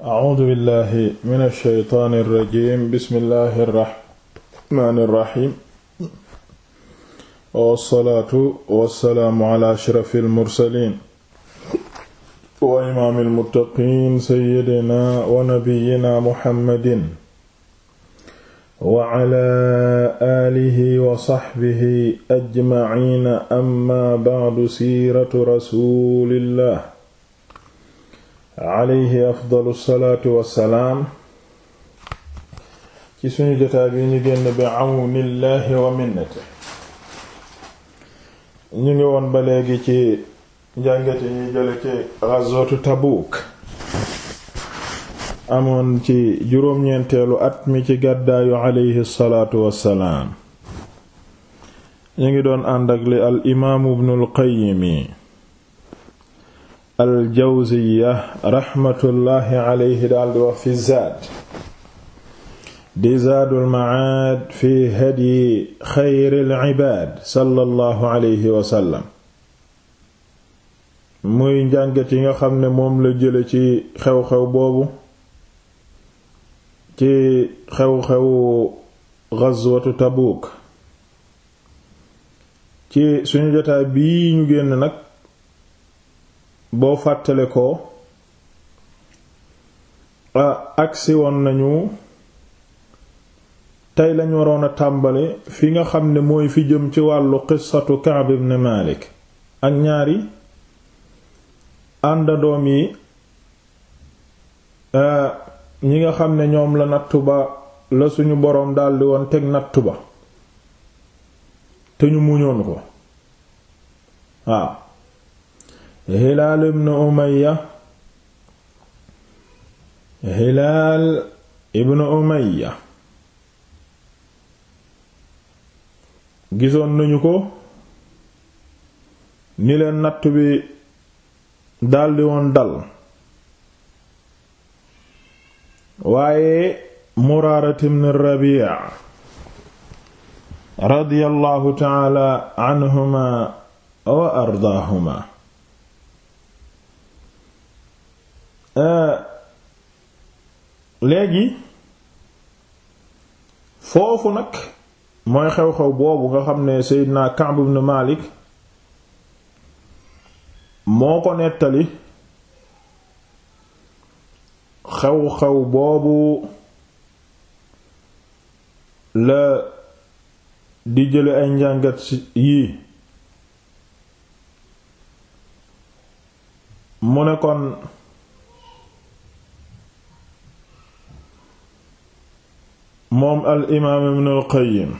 A'uuzu billaahi mina shaytaani rajiim bismillaahi rahmaani rahiim. wa salaatu wa salaamu alaa ashrafil mursaliin. wa imaamil muttaqiin sayyidinaa wa nabiyyinaa Muhammadin. wa alaa aalihi wa sahbihi ajmaciina ammaa ba'du siiratu rasuulillaah. alayhi afdalu salaatu wassalaam ci suñu jotaay bi ñu génn bi àwnillaahi wa minnati ñu ngi woon ba léegi ci njàngati ñuy jële ci ghazwatu Tabuuk amoon ci juróom-ñeenteelu at mi ci gàddaayu alayhi salaatu wassalaam ñu ngi doon ànd ak li al imaamu ibnul qayyimi aljawziya raxmatullahi alayhi daal di wax fi zaad di zaadul macaad fi hadyi xayril cibaad sallallahu alayhi wa sallam muy njàngat yi nga xam ne moom la jële ci xew-xew boobu ci xew-xewu gazwatu Tabuuk ci suñu jotaay bii ñu génn nag boo fàttale ko agsi woon nañu tey lañu waroon a tàmbale fi nga xam ne mooy fi jëm ci wàllu qissatu Ka'b ne Malik ak ñaari àndandoom yi ñi nga xam ne ñoom la nattu ba la suñu boroom daldi woon teg nattu ba te ñu muñoon ko waaw Hilaal ibn Umayya Hilaal ibn Umayya gisoon nañu ko ni leen natt bi daldi woon dal waaye Muraarat ibn Rabi'a radiyallahu ta'ala anhuma wa ardaahuma Euh, léegi foofu nag mooy xew-xew boobu nga xam ne Seydina Ka'b ibn Malik moo ko nettali xew-xew boobu la di jële ay njàngat yii mu ne kon moom al imaam ibn al qayyim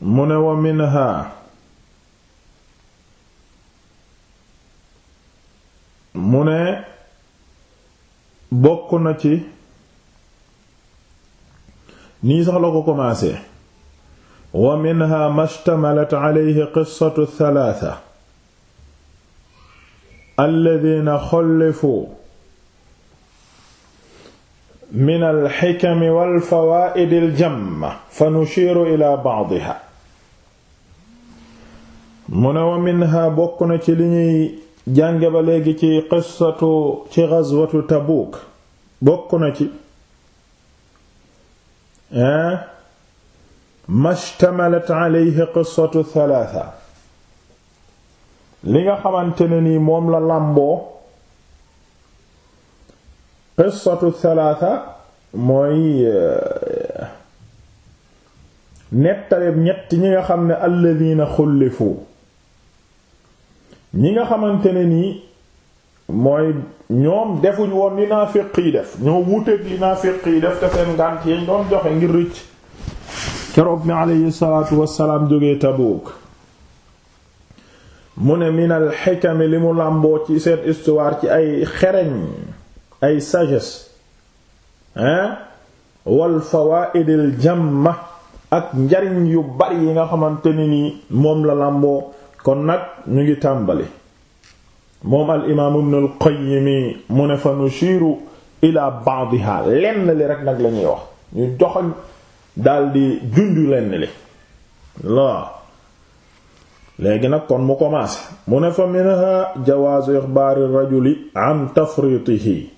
mu ne wa minha mu ne bokk na ci nii sax la ko commencé wa minha mashtamalat alayhi qissatu thalaatha alladhina xullifu min alxikam walfawaid aljamma fa nushiru ila badiha mu ne wa minha bokk na ci li ñuy jànge ba léegi ci qissatu ci gazwatu tabuuk bokk na ci mashtamalat alayhi qissatu thalaatha li nga xamante ne nii moom la làmboo qissatu thalaatha mooy euh, nettaleeb ñett ñi nga xam ne alladina xullifu ñi nga xamante ne nii mooy ñoom defuñ woon li naafiq yi def ñoo wuteeg li naafiq yi def te seen ngànt yañ doon joxe ngir rëcc keroog mi aleyhi salaatu wassalaam jógee Tabuuk mu ne minal xikami li mu làmboo ci seen histoire ci ay xereñ ay sagesse hein wal fawaidil jamma ak njariñ yu bari yi nga xamante ne ni moom la làmboo kon nag ñu ngi tàmbali moom al imaam ibn al qayyim mu ne fa nushiru ila ba'diha lenn li rek nag lañuy wax ñu joxoñ daldi junju lenn li la léegi nag kon mu commencé mu ne fa minha jawaazu ixbaari rajuli an tafritihi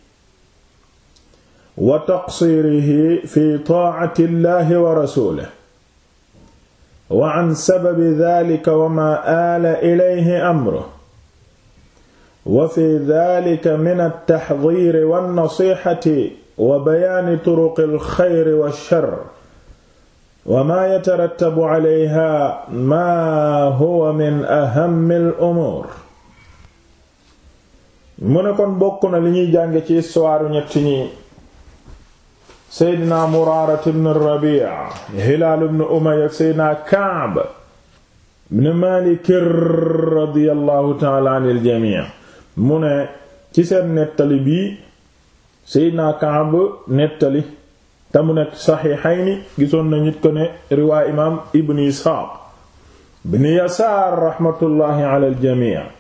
wa taqsiirihi fi taacati llahi wa rasuulihi wa an sababi daalika wa maa aala ilayhi amruhu wa fi daalika min at-taxdiiri wan-nasiixati wa bayaani turuqil xayri wash-sharri wa maa yatarattabu calayhaa maa huwa min ahammil umuur mu ne kon bokk na li ñuy jàng ci histoire ñett ñi seydina Muraara ibn Rabi'a Hilaal ibn Umayya ak seydina Ka'b ibn Maalik radiyallahu ta'ala anil jamii mu ne ci seen nettali bii seydina Ka'b nettali te mu nekk Saxiixayni gisoon na nit ko ne riwaay imaam Ibn Isxaaq ibn Yasaar rahmatullahi alal jamii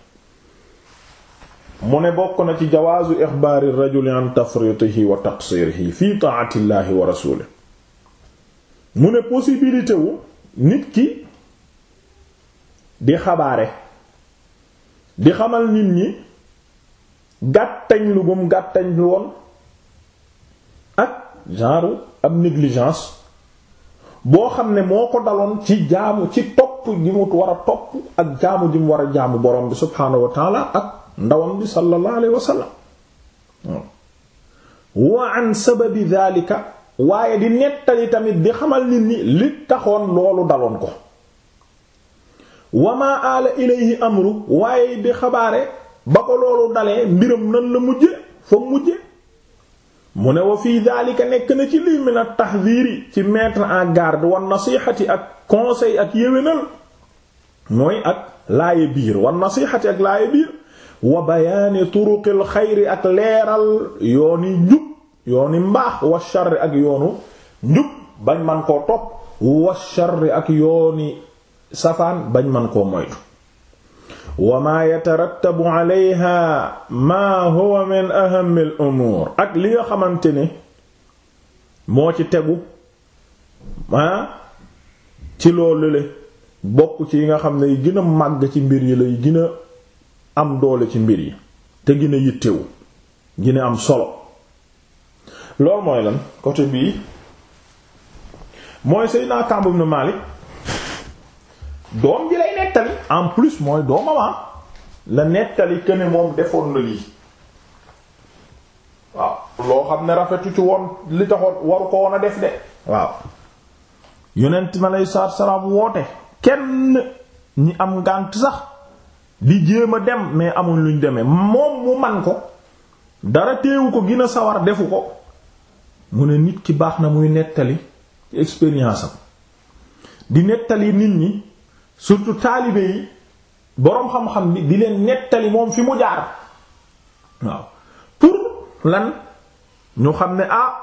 mu ne bokk na ci jawaazu ixbaari rajuli an tafritihi wa taqsirihi fi taatillahi wa rasulihi mu ne possibilité wu nit ki di xabaare di xamal nit ñi gàttañ lu mu gàttañ lu woon ak genre ab négligence boo xam ne moo ko daloon ci jaamu ci topp ji mu war topp ak jaamu ji mu war a jaamu borom bi subhaanahu wa taala ak ndawam bi sallallahu alayhi wa an sababi dhalika waaye di nettali tamit di xamal nit ñi li taxoon loolu daloon ko wama aala ilayhi amru waaye di xabaare ba ko loolu dalee mbiram nan la mujje fa mujje mu ne wa fii daalika nekk na ci lii min a taxdiiri ci mettre en garde wan nasixati ak conseil ak yéwénal mooy ak laaye biir wan nasixati ak laaye biir wa bayaani turuqil xayri ak leeral yooni njub yooni mbaax wa sharri ak yoonu njub bañ man koo topp wa sharri ak yooni safaan bañ man koo moytu wa maa yatarattabu alayha maa huwa min ahammil umuur ak li nga xamante ne moo ci tegu ah ci loolu le bokk ci yi nga xam ne yi gën màgg ci mbir yi lay gën am doole ci mbir yi te gën a yittewu gën am solo loolu mooy lan coté bii mooy Seydina Ka'b ibn Malik doom ji lay nettali en plus mooy doomama ah, la nettali que ne moom defoon na lii waaw loo xam ne rafetu ci woon li taxoon waru ko woon a def de waaw yonent ma lay saar salaam woote kenn ñi am ngànt sax di jéem a dem mais amuñ luñ demee moom mu man ko dara teewu ko gën a sawar defu ko mu ne nit ki baax na muy nettali ci expérience am di nettali nit ñi surtout taalibe yi boroom xam-xam bi di leen nettali moom fi mu jaar waaw pour lan ñu xam ne ah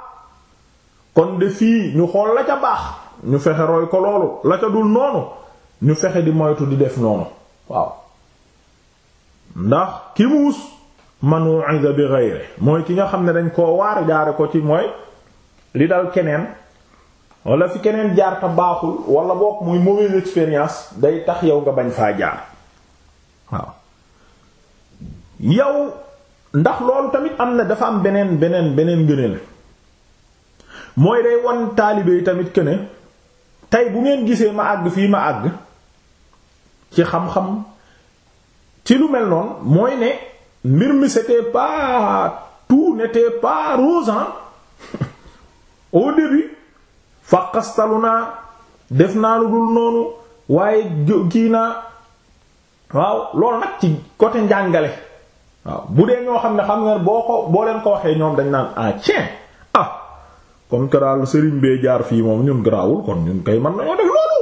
kon de fii ñu xool la ca baax ñu fexe roy ko loolu la ca dul noonu ñu fexe di moytu di def noonu waaw ndax ki muus manu ida bi geyre mooy ki nga xam ne dañ koo waar jaare ko ci mooy li dal keneen wala fi keneen jaar ta baaxul wala bokk muy mauvaise expérience day tax yow nga bañ faa jaar waaw yow ndax loolu tamit am na dafa am beneen beneen beneen ngëneel mooy day wan taalibe yi tamit que tey bu ngeen gisee ma àgg fii ma àgg ci xam-xam ci lu mel noonu mooy ne mbir mi c'était pas tout n'était pas rose hein au début naa def naa lu dul noonu waaye kii naa waaw loolu nag ci côté njàngale waaw bu dee ñoo xam ne xam nga boo ko boo leen ko waxee ñoom dañ naan ah tiens ah comme que daal Serigne bee jaar fii moom ñun garaawul kon ñun kay mën nañoo def loolu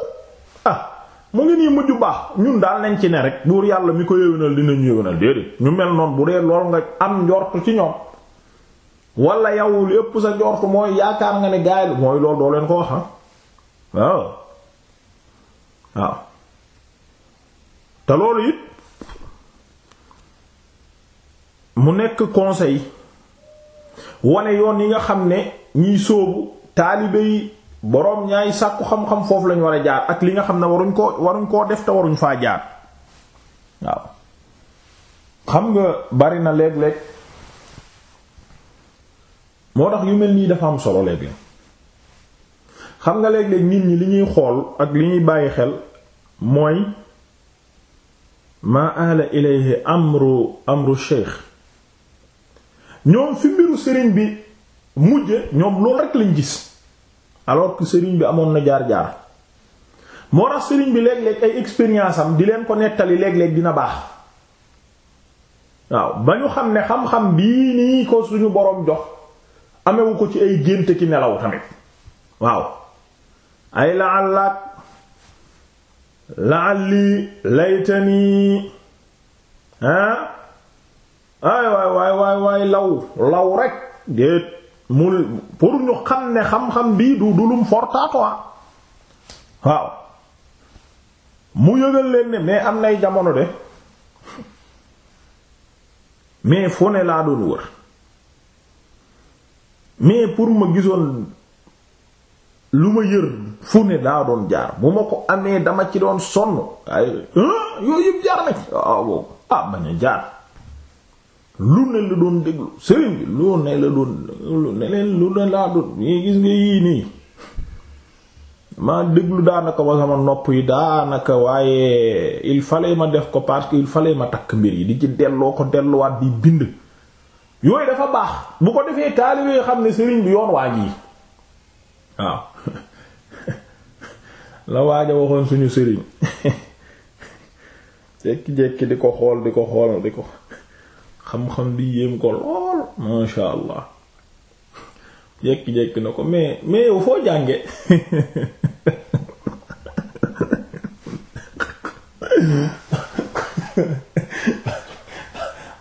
mu ngi nii mujj baax ñun daal nañ ci ne rek buur yàlla mi ko yëwénal dinañu yëwénal déedéet ñu mel noon bu dee lool nga am njortu ci ñoom walla yow lépp sa njortu mooy yaakaar nga ne gaay lu mooy loolu doo leen ko wax ah. waaw waaw te loolu it mu nekk conseil wane yoon yi nga xam ne ñiy sóobu taalibe boroom ñaay sàkku xam-xam foofu lañ war a jaar ak li nga xam ne waruñ koo waruñ koo def te waruñ faa jaar waaw xam nga bari na léeg-léeg moo tax yu mel nii dafa am solo léegi xam nga léeg-léeg nit ñi li ñuy xool ak li ñuy bàyyi xel mooy maa aala ilayhi amru amru sheikh ñoom fi mbiru sëriñ bi mujje ñoom loolu rekk lañ gis alors que sëriñ bi amoon na jaar-jaar moo tax sëriñ bi léeg-léeg ay expérience am di leen ko nettali léeg-léeg dina baax waaw ba ñu xam ne xam-xam bii nii ko suñu boroom jox amewu ko ci ay gént ki nelaw tamit waaw ay laallaat laalli laytani ah waay waay waay waay law law rek déet mu pour ñu xam ne xam-xam bii du du lum fortaatu waaw mu yëgal leen ne mais am nay jamono de mais fu ne laa doon wër mais pour ma gisoon lu ma yër fu ne daa doon jaar bu ma ko amee dama ci doon sonn ay yooyu yëpp jaar na ci waaw ah, ah bañ jaar lu ne la doon déglu sëriñ bi lu ne la doon lu ne laa doon yi gis nga yii nii ma déglu daanaka ba sama nopp yi daanaka waaye il fallait ma def ko parce que il fallait ma takk mbir yi di ci delloo ko delluwaat di bind yooyu dafa baax bu ko defee taalibe xam ne sëriñ bi yoon waa yi waaw la waaja waxoon suñu sëriñ jekki jekki di ko xool di ko xool di ko xam-xam bi yéem ko lool masha allah jékki-jékki na ko mais mais yow foo jànge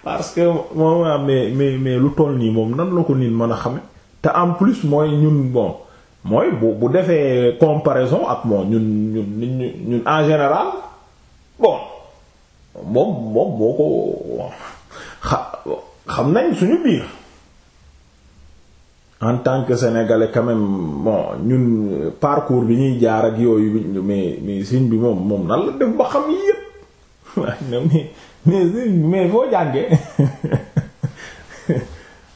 parce que moom mais mais mais lu toll nii moom nan la ko nit mën a xame te en plus mooy ñun bon mooy bu bu defee comparaison ak moom ñun ñun ñun en général bon moom moom boo ko xam nañ suñu biir en tant que sénégalais quand même bon ñun euh, parcours bi ñuy jaar ak yooyu mais mais sëñ bi moom moom nan la def ba xam yépp waaye mais mais sëñ bi foo jàngee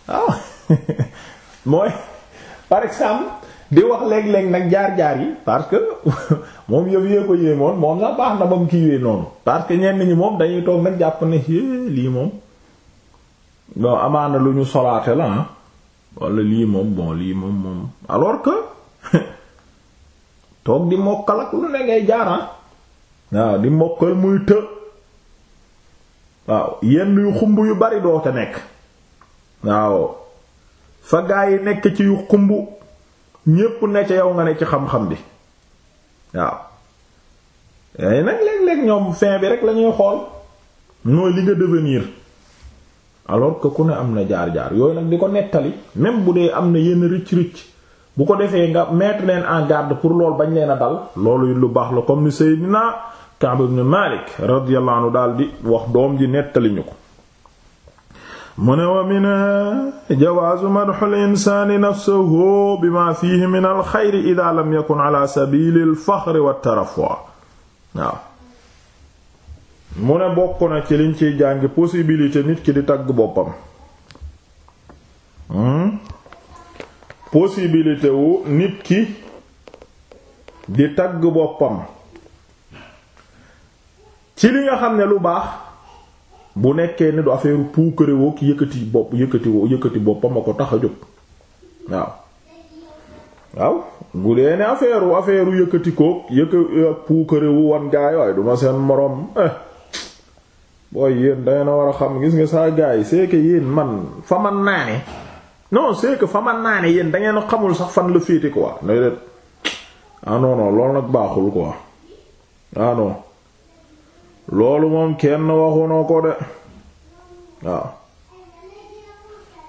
waaw ah. mooy par exemple di wax léeg-léeg nag jaar-jaar yi parce que moom yëf yee ko yéemoon moom sax baax na ba mu kiiwee noonu parce que ñenn ñi moom dañuy toog nag jàpp ne lii moom. bon amaana lu ñu solaate la ah wala lii moom bon lii moom moom alors que toog di mokkal ak lu ne ngay jaaraan ah. waaw di mokkal muy të waaw yenn yu xumb yu bari doo ca nekk waaw fa yi nekk ci yu xumb ñépp ne ca yow nga ne ci xam-xam bi waaw yaay nag léeg-léeg ñoom fin bi rek lañuy xool mooy li nga devenir alors que ku ne am na jaar-jaar yooyu nag di ko nettali même bu dee am na yenn ricc-ricc bu ko defee nga mettre leen en gàdd pour loolu bañ leen a dal loolu lu baax la comme ni Seydina Ka'b ibn Malik daal di wax doom ji nettali ñu mu ne wa minha jawaazu madxul insaani nafsahu bima fihi min alxeyri ida lam yakun ala sabili alfaxri wa tarafoa waaw mu ne bokk na ci liñ ciy jàngi possibilité nit ki di tagg boppam hmm? possibilité wu nit ki di tagg boppam ci li nga xam ne lu baax bu nekkee ne du affaire puukare woo yëkkati bopp yëkkati boppam a ko tax a jóg waaw waaw bu dee ne affaire affaire yëkkati koog yëkk wan gaay waaye duma seen moroom eh booy yéen dangeen a war a xam gis nga saa gars yi c'est yéen man fa man naa ne non c'est fa man naa ne yéen dangeen a xamul sax fan la féete quoi nooy det ah loolu nag baaxul quoi ah non loolu moom kenn waxuñoo ko de waaw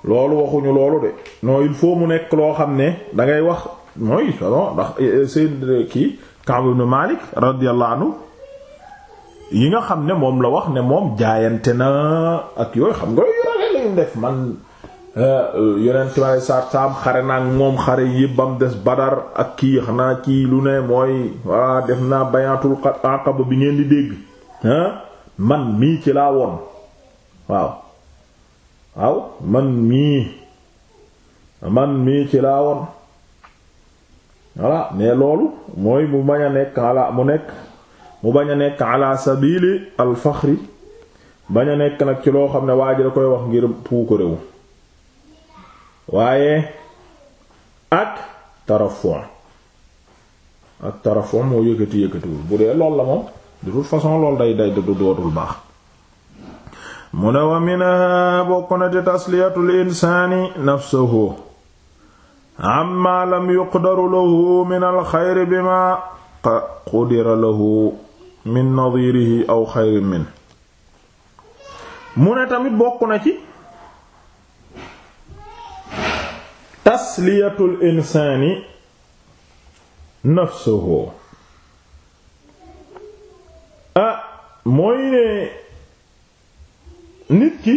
loolu waxuñu loolu de non il faut mu nekk loo xam ne dangay wax mooy non ndax eh, eh, seen kii Ka'b ibn Malik radiyallahu anhu yi nga xam ne moom la wax ne moom jaayante na ak yooyu xam nga yore lañu def man euh, yonent bi saar saam xare naa moom xare yëpp bam des Badar ak kii xanaa kii lu ne mooy waa def naa bayatul Aqaba bi ngeen di dégg man mii ci laa woon waaw waaw man mii man mii ci laa woon voilà mais loolu mooy mu mañ a nekk ala mu nekk mu bañ a nekk ala sabili a ci loo xam ne waa ji da koy wax ngir puuko réew waaye ak tarafon ak tarafon moo yëkkati yëkkatiwul bu dee lool la moom de façon lool day day du dootul baax mu ne wa minha bokk na ci tasliyatul insaani nafsahu amma lam yuqdaru lahu min alxayri bima qudira lahu min nadirihi aw xayrin min mu ne tamit bokk na ci tasliyatul insaani nafsuhu ah mooy ne nit ki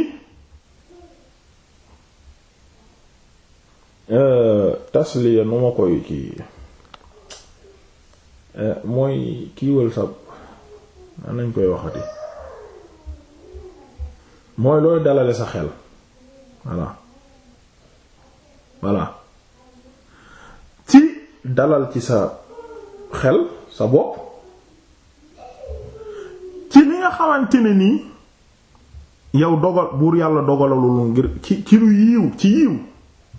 eh, tasliya nu ma koy kii eh, mooy kiiwal sa nan lañ koy waxati mooy looy dalale sa xel voilà voilà ci dalal ci sa xel sa bopp ci li nga xamante ne nii yow dogal buur yàlla dogalalul ngir ci ci lu yiiw ci yiiw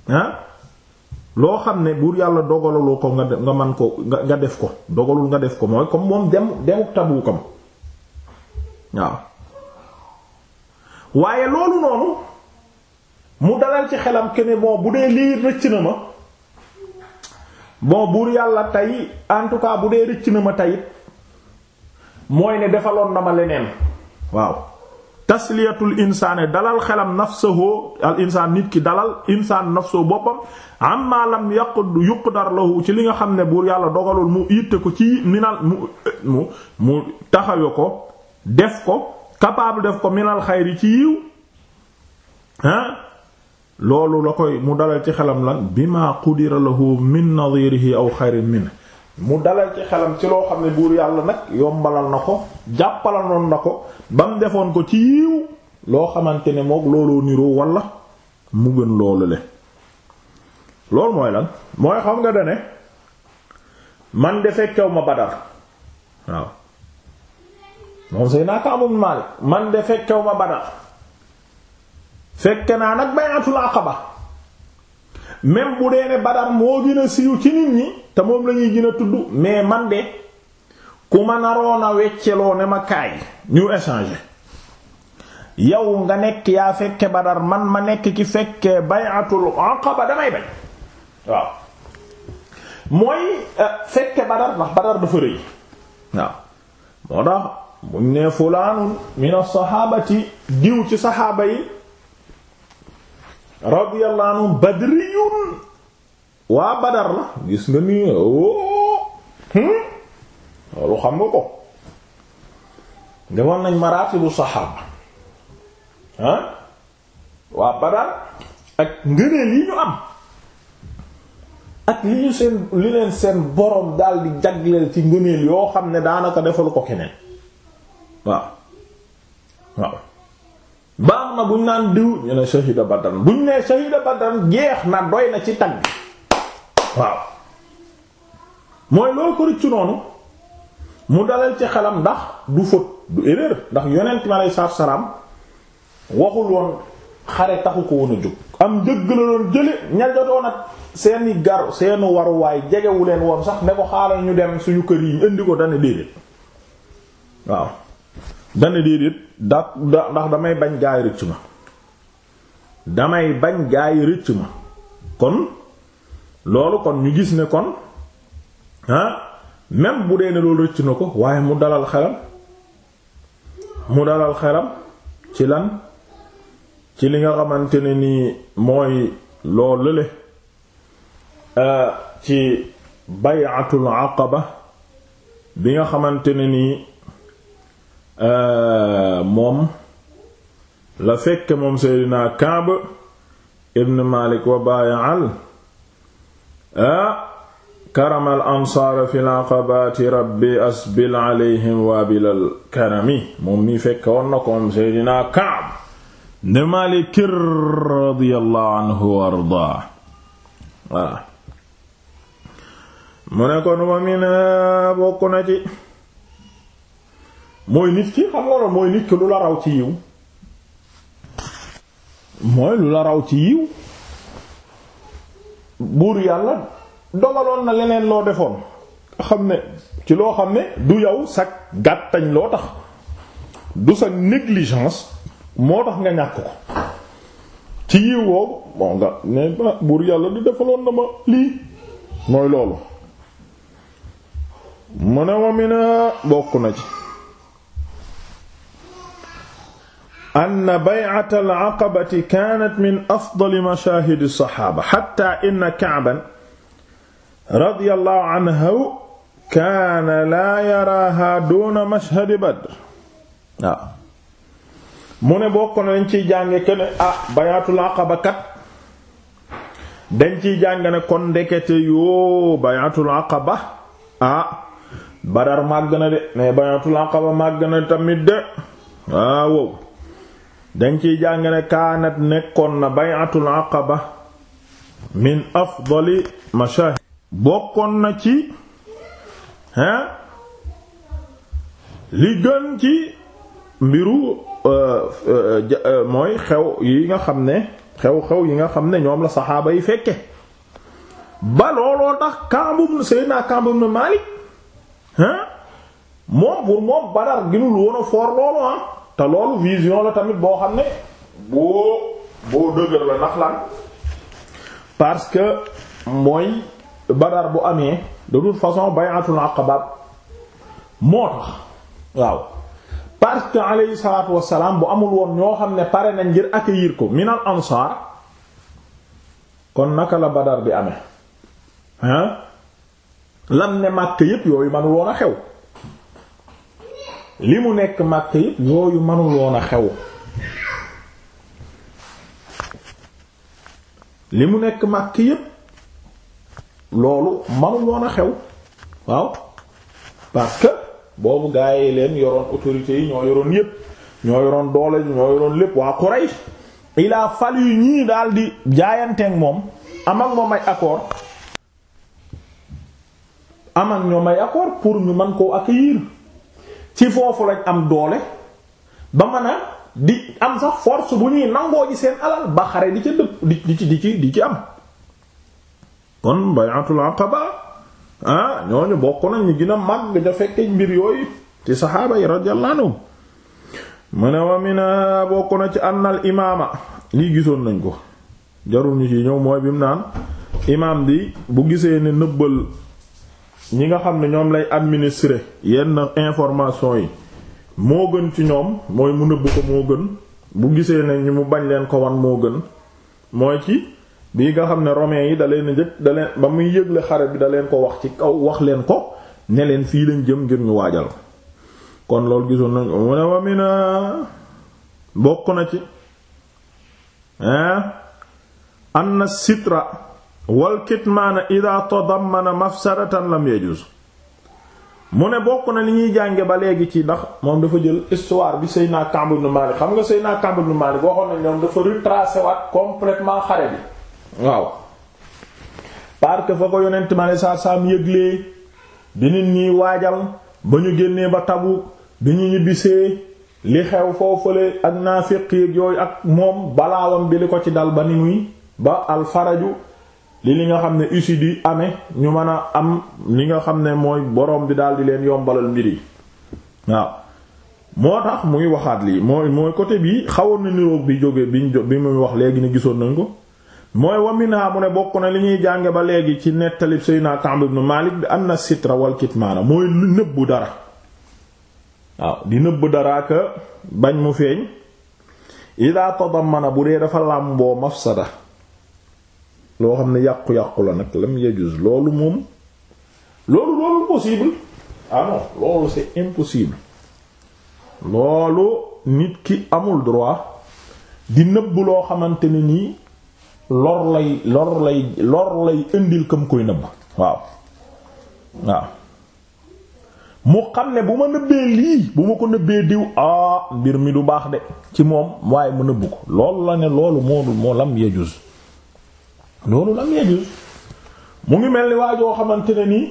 ah? loo xam ne buur yàlla dogalalu ko nga nga man ko nga def ko dogalul nga def ko mooy comme moom dem demuk tabukam waaw waaye loolu noonu mu dalal ci xelam ke ne bon bu dee lii rëcc na ma bon buur yàlla tey en bu dee rëcc na ma tey mooy ne defaloon na leneen waaw tasliyatul insaane dalal xelam nafsahu al insaan nit ki dalal insaan nafsahu boppam amma lam yàq yuqdar lahu ci li nga xam ne buur yàlla dogalul mu itte ko ci minal mu mu taxawe ko def ko capable def ko minal xayri ci yiw loolu la koy mu dalal ci xelam lan bima qudira lahu min nadirihi aw xayrin min mu dalal ci xelam ci loo xam ne buur yàlla nag yombalal na ko jàppalanoon na ko ba mu defoon ko ci yiw loo xamante ne mook looloo niroo wala mu gën loolu le loolu mooy lan mooy xam nga dane man de fekkew ma badar waaw moom say naa Kaab ibn Maalik man de fekkewu ma Badar fekke naa nag bay'atul aqaba même bu dee ne Badar moo gën siiw ci nit ñi te moom lañuy ñuy tudd mais man de ku ma naroon a wecceloo ne ma kaay ñu échanger yow nga nekk yaa fekke Badar man ma nekk ki fekke bay'atul aqaba damay bañ waaw mooy euh, fekke Badar ndax Badar dafa rëy waaw moo tax buñ ne fulaanun min as-saxaabati diw ci saxaaba yi radiyallahu anhum badriyun waa badar la gis nga ni oh, hmm? loolu xam nga ko defoon nañ maraatibu saxaaba ah waa badar ak ngëneel yi ñu am ak li ñu seen li leen seen boroom daal di jagleel ci ngëneel yoo xam ne daanaka defalu ko keneen waaw waaw baax na buñ naan diw ñu ne shahida badran buñ ne shahida badran jeex na doy na ci tagg waaw mooy loo ko rëccu noonu mu dalal ci xelam ndax du faute du erreur ndax yonent mi aleyhi salaatu salaam waxul xare taxu ko woon a jóg am njëgg la doon jële ña jotoon ak seeni garu seeni waruwaay jegewu leen woon sax ne ko xaaral ñu dem suñu kër yi ñu indi ko dana déedéet waaw dana déedéet da ndax damay bañ gaay rëcc ma damay bañ gaay rëcc ma kon loolu kon ñu gis ne kon ah même bu dee ne loolu rëcc na ko waaye mu dalal xelam mu dalal xelam ci lan ci li nga xamante ne nii mooy loolu le ah, ci bay'atul ba bi nga xamante ne nii Euh, moom la fekk moom seydina Kaab ibn Malik wa baayaal ah, karamal ansaar fi laqabaati rabbi asbil alayhim waabilal karami moom mi fekk woon na ko moom seydina Kaab ibn Malik radiyallahu anhu wa ardaa voilà mu ne kon wa min bokk na ci mooy nit ki xam nga loolu mooy nit ki lu la raw ci yiw mooy lu la raw ci yiw buur yàlla dogaloon na leneen loo defoon xam ne ci loo xam ne du yow sa gàttañ loo tax du sa négligence moo tax nga ñàkk ko ci yiw woowu bon nga ne ba ah, buur yàlla du defaloon na ma lii mooy loolu mu ne wa bokk na ci anna bay'ata al-aqabati kaanat min afdali mashaahidi saxaaba xatta inna Ka'ban radiyallahu anhu kaana laa yaraaha duuna mashhadi Badr waaw mu ne bokk na dañ ciy jànge que ne ah bay'atul aqaba kat dañ ciy jàng ne kon yoo bay'atul aqaba ah Badar màgg na de mais bay'atul aqaba màgg na tamit de waaw. dañ ci jàng ne nekkoon na bay'atul aqaba min afdali mashahid bokkoon na ci hein li gën ci mbiru euh, euh, euh, mooy xew yi nga xam ne xew-xew yi nga xam ne ñoom la saxaaba yi fekke ba looloo tax kambum Seydina kambum na Maalik hein moom pour moom Badar ginul woon foor loolu ah te loolu vision la tamit boo xam ne boo boo dëgër la ndax lan parce que mooy badar bu amee de toute façon bay'atul aqaba moo tax waaw parce que alayhi salaatu wassalaam bu amul woon ñoo xam ne pare nañ ngir accueillir ko minal ansaar kon naka la badar bi amee hein lam ne màkk yépp yooyu man woon a xew li mu nekk makk yëpp yooyu mënul a xew li mu nekk màkk yëpp loolu mënul a xew waaw parce que boobu gaa yi leen yoroon autorités yi ñoo yoroon yëpp ñoo yoroon doole ñoo yoroon lépp waa Quraysh il a fallu ñii daal di jaayanteeg moom am ak moom ay accord am ak ñoom ay accord pour ñu mën koo accueillir ci foofu lañ am doole ba mën di am sax force bu ñuy nangoo ji seen alal ba xare di ca dëpp di ci di ci di ci am kon bay'atul aqaba ah ñooñu bokk nañ ñu gën a màgg da mbir yooyu ci saxaaba yi radiyallahu anhum mu ne wa mina bokk na ci annal imaama lii gisoon nañ ko jarul ñu ci ñëw mooy bi mu naan imaam bi bu gisee ne nëbbal ñi nga xam ne ñoom lay administrer yenn information yi moo gën ci ñoom mooy mu nëbb ko moo gën bu gisee ne ñu mu bañ leen ko wan moo gën mooy ci bii nga xam ne romains yi da leen a da leen ba muy yëgle xare bi da leen ko wax ci kaw wax leen ko ne leen fii lañ jëm ngir ñu waajal ko kon loolu gisoon nañu ko mu ne wamina bokk na ci hein anna sitra wal kitmaana ida tadammana mafsadatan lam mu ne bokk na li ñuy jànge ba léegi ci ndax moom dafa jël histoire bi Seydina Ka'b ibn Malik xam nga Seydina Ka'b ibn Malik waxoon nañ ñoom dafa retracé waat complètement xare bi waaw parce fa ko yonent ma saa saam yëglee bi nit ñi waajal ba ñu génnee ba tabu bi ñu ñibbisee li xew foofale ak naafiq yooyu ak moom balaawam bi li ko ci dal ba ni muy ba alfaraju li li nga xam ne ussi di amee ñu mën a am li nga xam ne mooy borom bi daal di leen yombalal mbir yi waaw moo tax muy waxaat lii mooy mooy côté bii xawoon na niroog bi jóge bi bi muy wax léegi ne gisoon nañ ko mooy waminaa mu ne bokk na li ñuy jànge ba léegi ci nettalib Seydina Ka'b ibn Malik bi am na sitra wal kitmaana mooy nëbbu dara waaw di nëbbu dara ka bañ mu feeñ ida tadammana bu dee dafa làmboo mafsada loo xam ne yàqu-yàqu la nag lam yajuz loolu moom loolu loolu possible ah loolu c'est impossible loolu nit ki amul droit di nëbb loo xamante ne nii lor lay lor lay lor lay indil koy nëbb waaw waaw mu xam ne bu ma nëbbee lii bu ma ko nëbbee diw ah mbir mi du baax de ci moom waaye mu nëbb ko lool la ne loolu moo moo lam yajuz loolu lam yajuz mu ngi mel ni waajoo xamante ne nii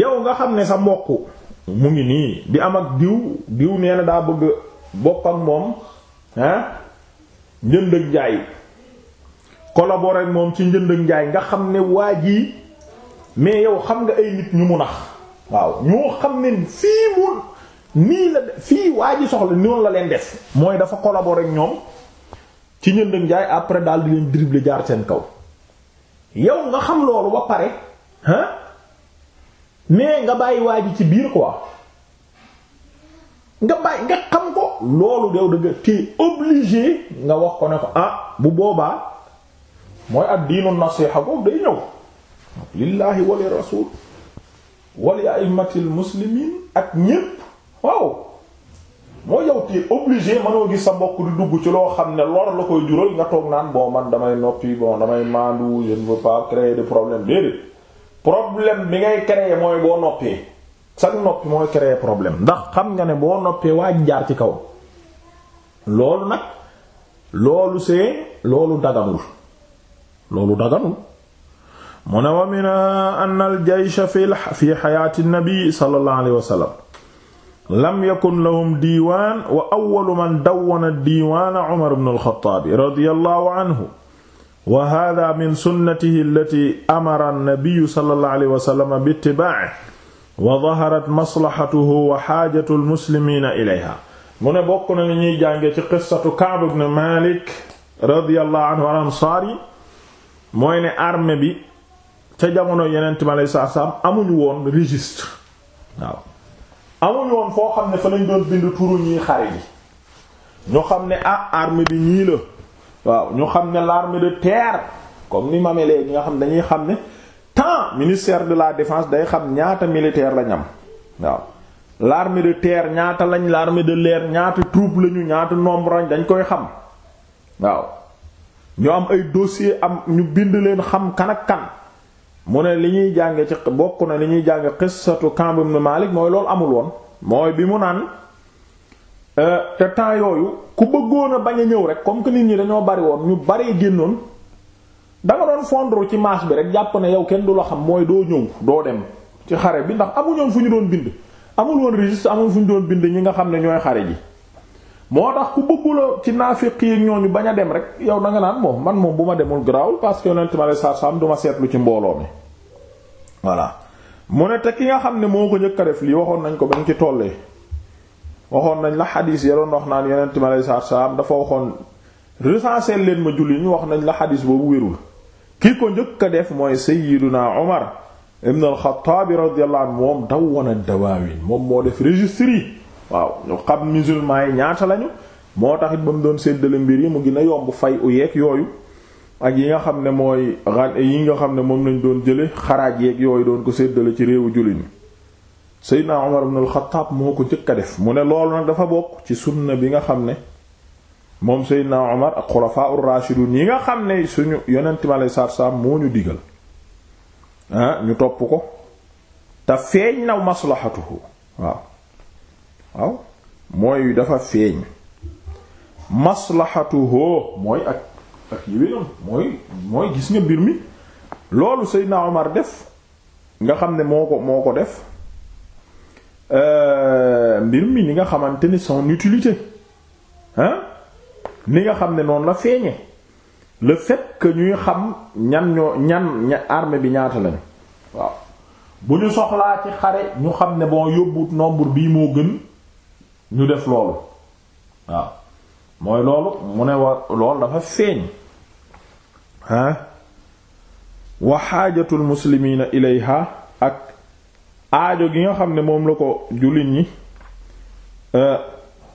yow nga xam ne sa mbokk mu ngi nii bi am ak diw diw nee na daa bëgg bokk ak moom hein njënd ak njaay collaborer moom ci njënd ak njaay nga xam ne waa ji mais yow xam nga ay nit ñu mu nax waaw ñoo xam ne fii mun nii la fii waa ji soxla noonu la leen def mooy dafa collaborer ak ñoom ci ñënd ak njaay après daal di leen li jaar seen kaw yow nga xam loolu ba pare hein mais nga bàyyi waa ci biir quoi nga bàyyi nga xam ko loolu dew dëgg te obligé nga wax ko ne ko ah bu boobaa mooy ak diinu nasiixa ko day ñëw lillahi wali rasul wali a'immatil muslimin ak ñépp waaw moo yow te obligé mënoo gis sa mbokk di dugg ci loo xam ne lor la koy jural nga toog naan bon man damay noppi bon damay maandu je ne veux pas de problème déedéet problème bi ngay créer mooy boo noppee sax noppi mooy créer problème ndax xam nga ne boo noppee waa jaar ci kaw loolu nag loolu see loolu daganul loolu daganul mu ne wa mina anna al jaysh fi fi xayaati nabi sallallahu alayhi wa lam yakun lahum diiwaan wa awwalu man dawwana diiwaana Umar ibn al-Khattab radiyallahu anhu wa haaza min sunnatihi allati amara an-nabiyyu sallallahu alayhi wa sallam bi ittibaa'ihi wa zaharat maslahatuhu wa haajatu al-muslimiina ilayhaa mu ne bokk na ñuy jànge ci qissatu Ka'b ibn Maalik radiyallahu anhu al-Ansaari mooy ne armée bi ca jamono Yonent bi alayhi salaam amuñu woon registre waaw amuñu woon foo xam ne fa lañ doon bind turu ñuy xare ji ñu xam ne ah armée bi ñii la waaw ñu xam ne l'armée de terre comme ni mame léegi nga xam ne dañuy xam ne temps ministère de la défense day xam ñaata militaire lañ am waaw l'armée de terre ñaata lañ l'armée de leer ñaata troupe lañu ñaata nombre lañ dañ koy xam waaw ñu am ay dossier am ñu bind leen xam kan ak kan mu ne li ñuy jànge ci bokk na li ñuy jànge qissatu Ka'b ibn Malik mooy loolu amul woon mooy bi mu naan euh, te temps yooyu ku bëggoon a bañ a ñëw rek comme que nit ñi dañoo bari woon ñu bari génnoon da nga doon fondre ci maas bi rek jàpp na yow kenn du la xam mooy doo ñëw doo dem ci xare bi ndax amuñoon fu ñu doon bind amul woon registre amul fu ñu doon bind ñi nga xam ne ñooy xare ji moo tax ku bëggu la ci naafiq yi ñu bañ a dem rek yow na nga naan moom man moom bu ma demul garaawul parce que yonent ma lay saar du ma seetlu ci mbooloo mi voilà mu ne te ki nga xam ne moo ko njëkk def lii waxoon nañ ko ñu ci tollee waxoon nañ la xadiis ya doon wax naan yonent ma lay sarsam dafa waxoon recenser leen ma julli ñu wax nañ la xadiis boobu wérul ki ko njëkk a def mooy sayyiduna Umar ibn al-Khattab radiyallahu anhu moom dawwana dawaawin moom moo def registre waaw ñu xam musulman yi ñaata lañu moo taxit it ba mu doon séddale mbir yi mu gën a yomb fay u yeeg yooyu ak yi nga xam ne mooy yi nga xam ne moom lañ doon jële xaraaj yeeg yooyu doon ko ci réewu jullit ñi Seydina Umar ko jëkk a ne loolu nag dafa bokk ci sunna bi nga xam ne moom Seydina Umar ak xulafaa ur-rashidun yi nga xam ne suñu yonent mi alayhi salaatu salaam moo ñu digal ah, ñu topp ko te feeñ na maslahatuhu waaw waaw mooy dafa feeñ maslahatuhu mooy ak ak yiwénam mooy mooy gis nga mbir mi loolu Seydina Omar def nga xam ne moo ko moo ko def euh, mbir mi ni nga xamante ni son utilité hein ni nga xam ne noonu la feeñe le fait que ñuy xam ñan ñoo ñan armée bi ñaata lañu waaw bu ñu soxlaa ci xare ñu xam ne bon yóbbu nombre bii moo gën ñu def loolu waaw mooy loolu mu ne wa loolu dafa feeñ ah wa ilayha ak aajo gi nga xam ne moom la ko jullit ñi euh,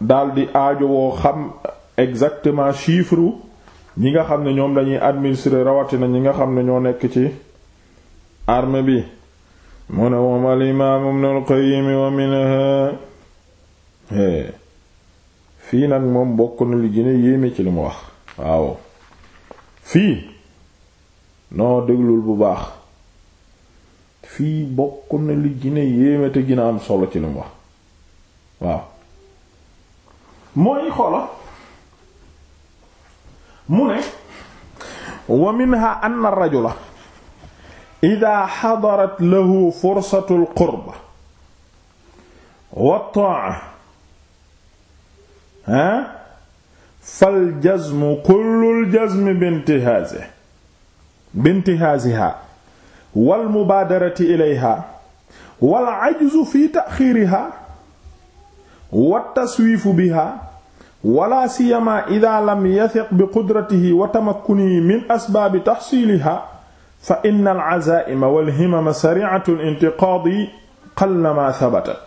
daldi aajo woo xam exactement chiffre ñi nga xam ne ñoom lañuy administrer rawatina ñi nga xam ne ñoo nekk ci armée bi mu ne moom al imaam ibnul qayyim wa Eh. fii nag moom bokk na lu gën yéeme ci li mu wax waaw fii noo déglul bu baax fii bokk na lu gën a yéeme te gën a am solo ci li mu wax waaw mooy xolo mu ne wa minha anna rajula ida xadarat lahu fursatu alqurba wa ta'a ah fal jazmu kullul jazmi bintihaase bintihaasiha wal mubaadarati ilayha wal ajzu fi taxiiriha wa taswiifu biha wala siyama ida lam yathiq bi qudratihi wa tamakkunihi min asbaabi taxsiiliha fa inna al azaa'ima wal himama sari'atu al intiqaadi qallama thabata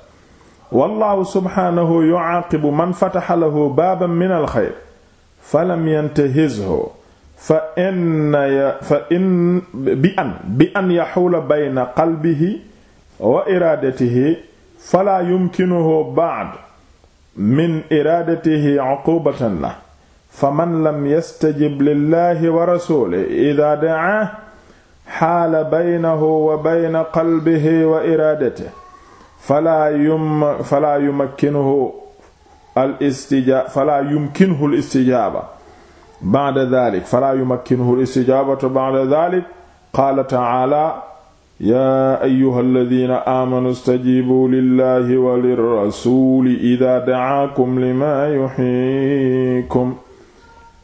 wallahu subhaanahu yucaaqibu man fataxa lahu baaban min alxeyr falam yantahizhu fa inna fa in bi an bi an yaxuula bayna qalbihi wa iraadatihi falaa yumkinuhu bacd min iraadatihi cuqubatan la fa man lam yastajib lillahi wa rasuulihi idaa dacaahu xaala baynahu wa bayna qalbihi wa iraadatihi falaa yum falaa yumakkinuhu al istijaaba falaa yumkinuhu al istijaaba ba'da dhalik falaa yumakkinuhu al istijaabatu ba'da dhalik qaala ta'aala yaa ayyuha alladina aamanu stajibu lillahi wa lirrasuli ida dacaakum lima yuxyikum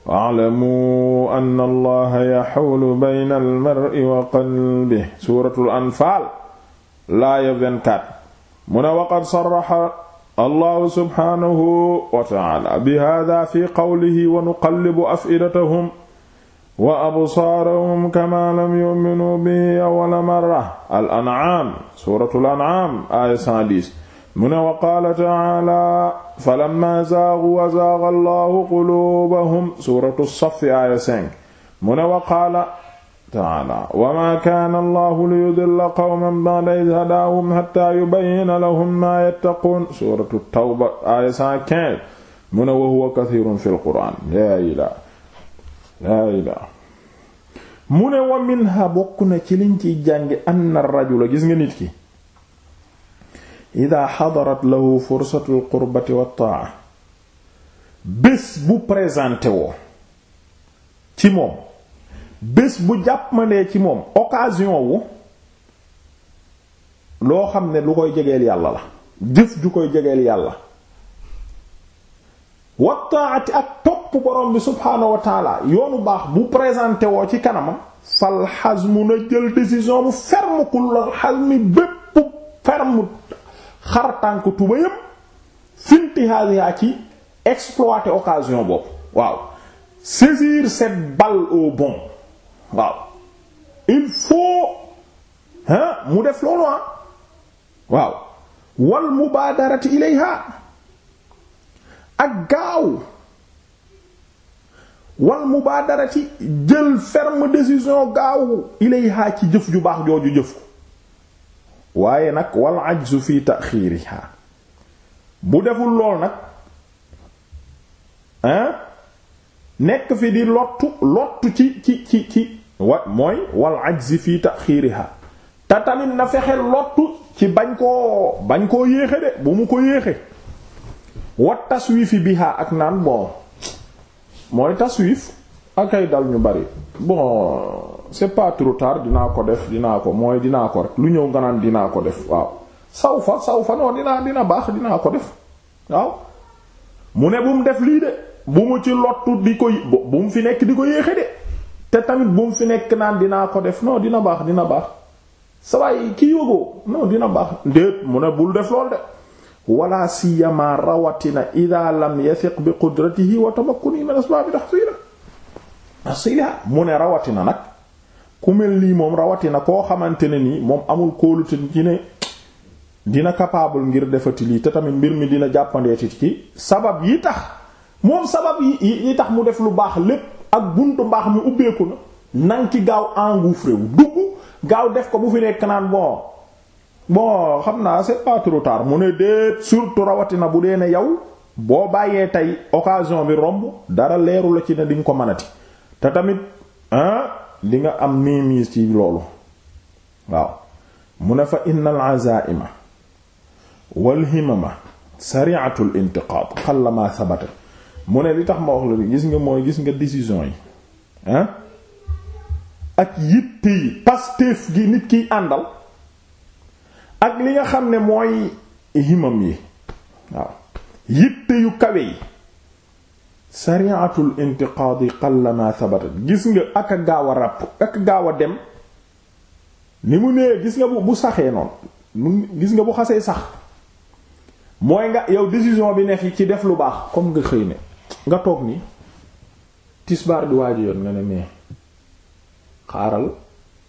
wa'lamuu anna allaha yaxulu bayna almari wa qalbi suratul anfaal laaya 24 mu ne waqad sarraxa allahu subhaanahu wa taala bi hada fi qawlihi wa nuqallibu afidatahum wa absaarahum kama lam yu'minuu bihi awwala marra al-an'aam suuratul an'aam aaya 110 mu ne wa qaala ta'aala falammaa zaaguu wa zaaga allahu quluubahum suuratu saffi aaya 5 mu ne wa qaala taala wama kaana allahu liyudilla qawman ba'da iz hadaahum hatta yubayyina lahum ma yattaquun suratu tawba aaya 115 mu wa huwa kathirun fil qur'an laa ilaa laa wa minha bokk ci liñ ciy jàngi anna rajula gis nga nit ki ida lahu fursatu lqurbati wattaa bés bu présenté woo bés bu jàppandee ci moom occasion wu loo xam ne lu koy jegeel yàlla la jëf ju koy jegeel yàlla wa taati ak topp borom bi subhaanahu wa yoonu baax bu présenté woo ci kanamam fal xasmu na jël décision bu ferme kullal xasmi bépp ferme xar tànk tubayam fintihaasiyaa ci exploiter occasion boobu waaw saisir cette balle au bon waaw il faut hein mu def loolu ah waaw wal mubaadarati ilayha ak gaaw wal mubaadarati jël ferm décision gaaw ilayha ci jëf ju baax jooju jëf ko waaye nag wal ajzu fi taxiiriha bu deful lool nag hein nekk fi di lottu lottu ci ci ci ci wa mooy wal ajzi fii taxiiriha te tamit na fexe lottu ci bañ koo bañ koo yéexe de bu mu ko yéexe wa taswiifi biha ak naan bon mooy taswiif ak dal ñu bari bon c'est pas trop dinaa ko def dinaa ko mooy dinaa ko rek lu ñëw nga naan dinaa ko def waaw saw fa saw fa noonu dinaa dina baax dinaa ko def waaw mu ne bu mu def lii de bu mu ci lottu di ko bu mu fi nekk di ko yéexe de te tamit bu mu fi nekk naan dinaa ko def non dina baax dina baax sawaay ki dina baax déet mu ne bul def lool de wala siyama rawatina ida lam yathiq bi qudratihi wa tamakkuni min asbaabi tahsiliha mu ne rawatina nag ku mel nii moom rawatina koo xamante ne nii moom amul kóolute ci ne dina capable ngir defati lii te tamit mbir mi dina jàppandeeti ci sabab yi tax moom sabab yi yi tax mu def lu baax lépp ak buntu mbaax mi ubbeeku na nang ci gaaw engouffré wu dugg gaaw def ko bu fi nekk naan bon bon xam naa c'est pas trop mu ne déet surtout rawatina bu dee ne yow boo bàyyee tey occasion bi romb dara leeru la ci ne di nga ko mënati te tamit ah di nga am niimis ci loolu waaw mu ne fa innal azaima wal himama sari'atul intiqad qallama thabata mu ne li tax ma wax la gis nga mooy gis nga décision yi ak yitte yi pastéef gi nit kiy àndal ak li nga xam ne mooy himam yi waaw yitte yu kawe yi sariatul intiqaadi qalla ma sabatat gis nga ak a gaaw a ràpp ak gaaw a dem ni mu nee gis nga bu saxee noonu gis nga bu xasee sax mooy nga yow décision bi neex yi ci def lu baax comme nga xëy ne nga toog ni tisbaar di waaji yoon nga ne mais xaaral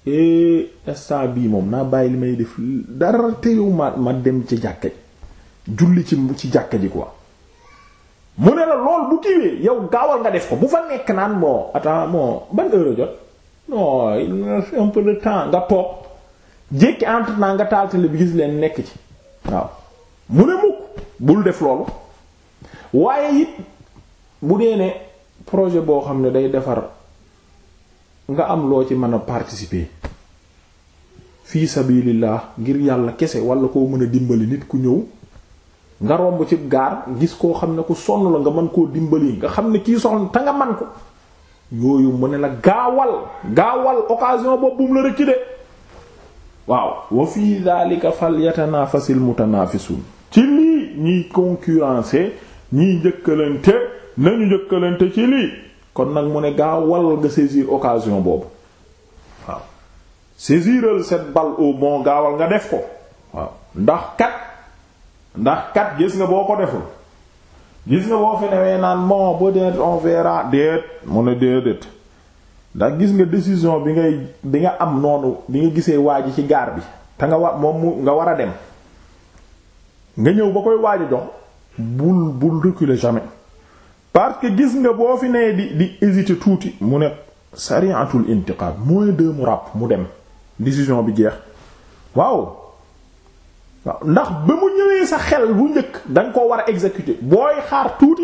eh, instant bii moom naa bàyyi li may def dara teyu ma ma dem ci jàkka ji julli ci ci jàkka ji quoi mu ne la lool bu kiiwee yow gaawal nga def ko bu fa nekk naan moo attends moo ban heure jot non nga toog jékki entre naa nga taal télé bi gis leen nekk ci waaw mu ne mukk bul def loolu waaye it bu dee ne projet boo xam ne day defar nga am loo ci mën a participer fii sabilillah ngir yàlla kese walla koo mën a dimbali nit ku ñëw nga romb ci gaar gis koo xam ne ku sonn la nga mën koo dimbali nga xam ne kii soxla te nga man ko yooyu mu ne la gaawal gaawal occasion boobu mu la rëcc de waaw wa fii daalika fal yatanaafasil mutanaafisun ci lii ñiy concurrencer ñuy njëkkalante nañu njëkkalante ci lii kon nag mu ne gaawal nga saisir occasion boobu waaw saisiral cette balle au bon gaawal nga def ko waaw ndax kat ndax kat gis nga boo ko deful gis nga boo fi newee naan bon peut-être on verra déet mu ne déedéet ndax gis nga décision bi ngay bi nga am noonu bi nga gisee waa ji ci gaar bi te nga wa moom mu nga war a dem nga ñëw ba koy waaji dox bul bul reculer jamais parce que gis nga boo fi nee di di hésiter tuuti mu ne sariatul intiqam moins deux mu ràpp mu dem décision bi jeex waaw waaw ndax ba mu ñëwee sa xel bu njëkk da ko war a exécuter booy xaar tuuti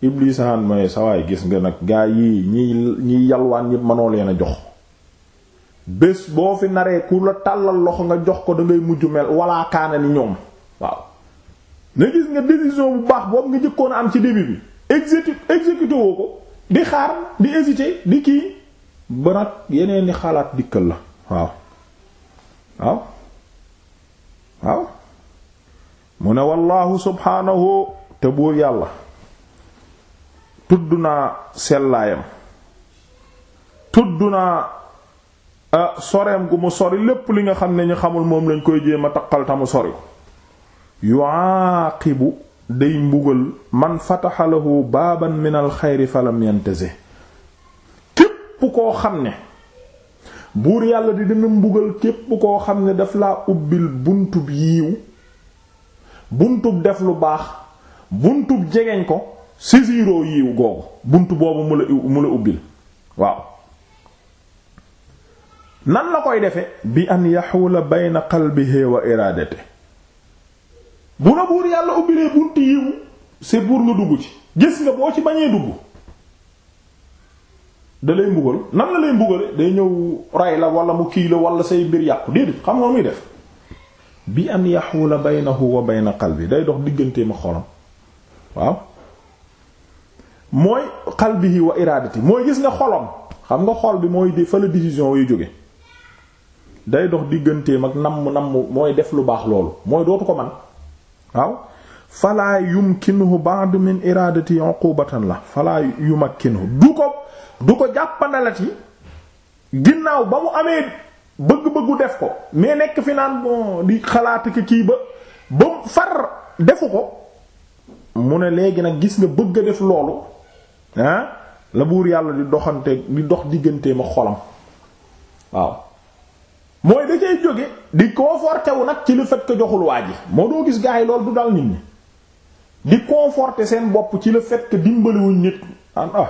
Iblis naan mooy sawaay gis nga nag gaa yi ñiy ñiy yalwaan ñëpp mënoo leen a jox bés boo fi naree ku la tàllal loxo nga jox ko da mujj mel walla kaana ni ñoom waaw ne gis nga décision bu baax boobu nga jëkkoon a am ci début bi exécu exécuté woo ko di xaar di hésité di kii ba nag yeneen ni xalaat dikkal la waaw waaw waaw mu ne wallaahu subhaanahu te buur yàlla tudd naa sellaayam tudd naa soreem gu mu sori lépp li nga xam ne ñu xamul moom lañ koy jéem a taqal tamu sori yuaqibu day mbugal man fataxa lahu baaban minal alxeyri falam si képp koo xam ne buur yàlla di dina mbugal képp koo xam ne daf la ubbil buntub yiiw buntub def lu baax buntub jegeñ ko sisiroo yiiw googu bunt boobu mu la ubbil waaw nan la koy defe bi am yaxuula bayna qalbihi wa iraadatihi bu la buur yàlla ubbilee bunti yiw c'est pour nga dugg ci gis nga boo ci bañee dugg da lay mbugal nan la lay mbugale day ñëw ray la wala mu kii la wala say mbir yàqu déedéet xam nga muy def bi an yaxuula baynahu wa bayna qalbi day dox diggante ma xolam waaw mooy xal bi qalbihi wa iradati mooy gis nga xolam xam nga xol bi mooy fa la décision yu jóge day dox digganteem ak namm nam mooy def lu baax loolu mooy dootu ko man waaw falaa yumkinuhu ba'd min iradati uqubatan la falaa yumkinuhu du ko du ko jàppandalati ginnaaw ba mu amee bëgg-bëggu def ko mais nekk fi di xalaat ki kii ba ba mu defu ko mu ne léegi nag gis nga bëgg a def loolu ah la buur yàlla di doxante di dox digganteem ak xolam waaw mooy da cay jóge di conforté wu nag ci le fait que joxul waa ji moo doo gis gaa yi loolu du dal nit ñi di conforté seen bopp ci le fait que dimbaliwuñ nit an ah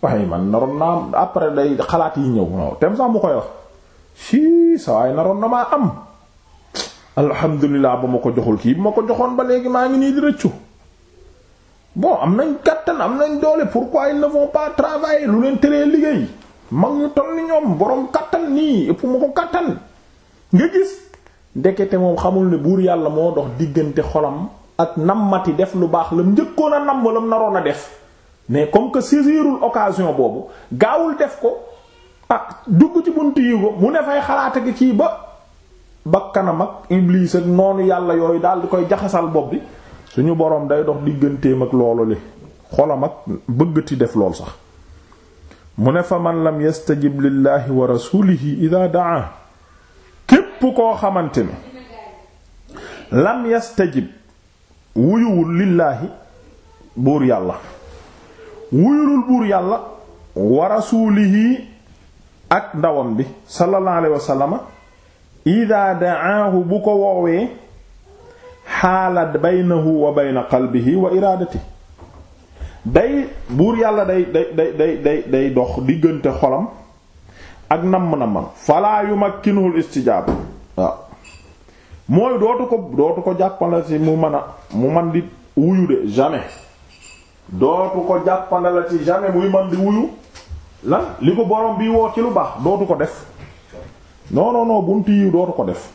waaye man naroon naa après day xalaat yi ñëw waaw tem sax mu koy wax si sa waaye naroon na maa am alhamdulilah ba ma ko joxul kii ba ma ko joxoon ba léegi maa ngi nii di rëccu bon am nañ kattan am nañ doole pourquoi ils ne vont pas travailler lu leen teree liggéey mag ñu toll ni ñoom boroom kattan nii ëpp ma ko kattan nga gis ndekete moom xamul ne buur yàlla moo dox diggante xolam ak nammati def lu baax lam njëkkoon a namm lam naroon a def mais comme que saisirul occasion boobu gaawul def ko ah dugg ci bunt yi ko mu ne fay xalaat ak kii ba bakkanam ak iblis ak noonu yàlla yooyu daal di koy jaxasal bopp bi suñu boroom day dox digganteem ak loolu li xolam ak bëggati def lool sax mu ne fa man lam yastajib lillahi wa rasulihi ida daa képp koo xamante ne lam yastajib wuyuwul lillaahi buur yàlla wuyulul buur yàlla wa rasulihi ak ndawam bi sallallahu alayhi wa bu ko woowee xaala baynahu wa bayna qalbihi wa iraadatihi day buur yàlla day day day day dox diggante xolam ak namm na man falaa yumakkinuhul istijaaba waaw mooy dootu ko dootu ko jàppale ci mu mën a mu man di wuyu de jamais dootu ko jàppale la jamais muy man di wuyu lan li ko borom bi woo ci lu baax dootu ko def non non yi dootu ko def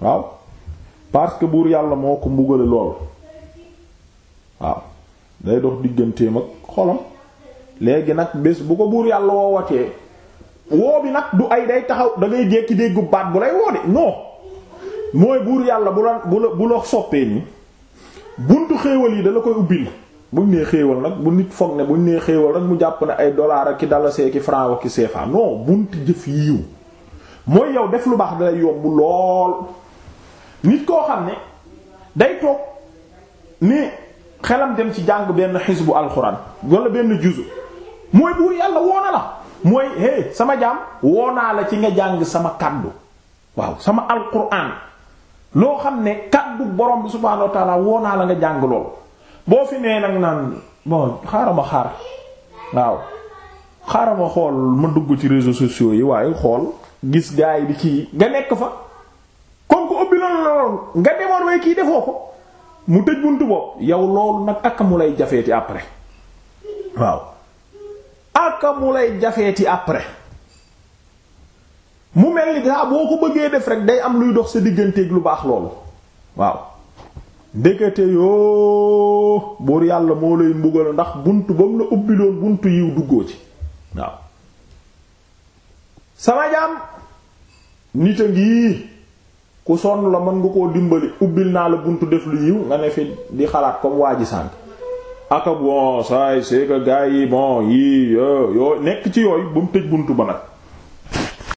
waaw parce que buur yàlla moo ko mbugale lool waaw day dox digganteem ak xolam léegi nag bés bu ko buur yàlla woowatee woo bi nag du ay day taxaw dangay ngay déggu baat bu lay woo de non mooy buur yàlla bu la bu la soppee nii buntu xéewal yi dala koy ubbil buñ nee xéewal nag bu nit foog ne buñ nee xéewal rek mu jàpp ne ay dollar ak ki dalasee ki ak ki CFA non buntu jëf yiw mooy yow def lu baax dalay yomb lool nit koo xam ne day toog ne xelam dem ci jàng benn xisbu alxuraan wala benn juzu mooy buur yàlla woona la mooy hey sama jaam woonaa la ci nga jàng sama kaddu waaw sama alxuraan loo xam ne kaddu borom bi subhaanahu wa taala woonaa la nga boo fi nee nag naan bon xaaral xaar waaw xaaral ma xool ma dugg ci réseau sociaux yi waaye xool gis gaay bi di kii nga nekk fa comme ko ubbi loolu nga demoon way kii defoo ko. mu tëj buntu bopp yow loolu nag ak mu lay jafeeti après waaw ak mu lay jafeeti après mu mel ni gaa boo ko bëggee def rek day am luy dox sa digganteek lu baax loolu waaw ndekete yoo buur yàlla moo lay mbugal ndax bunt ba mu la ubbiloon buntu yiw duggoo ci waaw sama jaam nit a ngi ku sonn la mën nga koo dimbali ubbil naa la buntu def lu yiw nga ne fi di xalaat comme waa ji sànk aka bon saay c'est que gars yi bon yi yo nekk ci yooyu ba mu tëj buntu ba nag